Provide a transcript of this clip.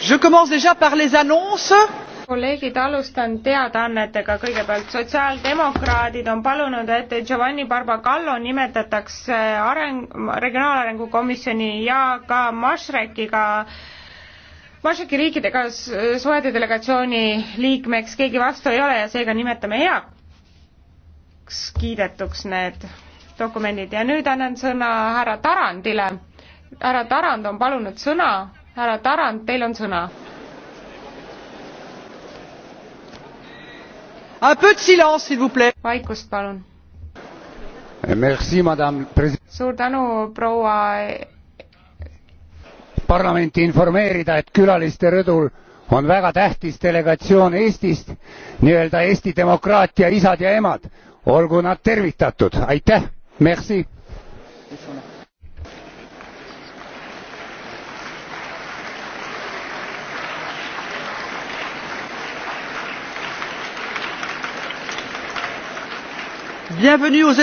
je commence déjà par les annonces kolleegid, alustan teadaannetega kõigepealt. sotsiaaldemokraadid on palunud, et Giovanni Barbagallo nimetatakse areng, regionaalarengu komisjoni ja ka Mašrekiga, Mašreki riikidega suhete delegatsiooni liikmeks, keegi vastu ei ole ja seega nimetame heaks kiidetuks need dokumendid ja nüüd annan sõna härra Tarandile härra Tarand on palunud sõna, härra Tarand, teil on sõna. vaikust palun. suur tänu, proua. parlamenti informeerida, et külaliste rõdul on väga tähtis delegatsioon Eestist, nii-öelda Eesti demokraatia isad ja emad. olgu nad tervitatud, aitäh, merci. bienvenue aux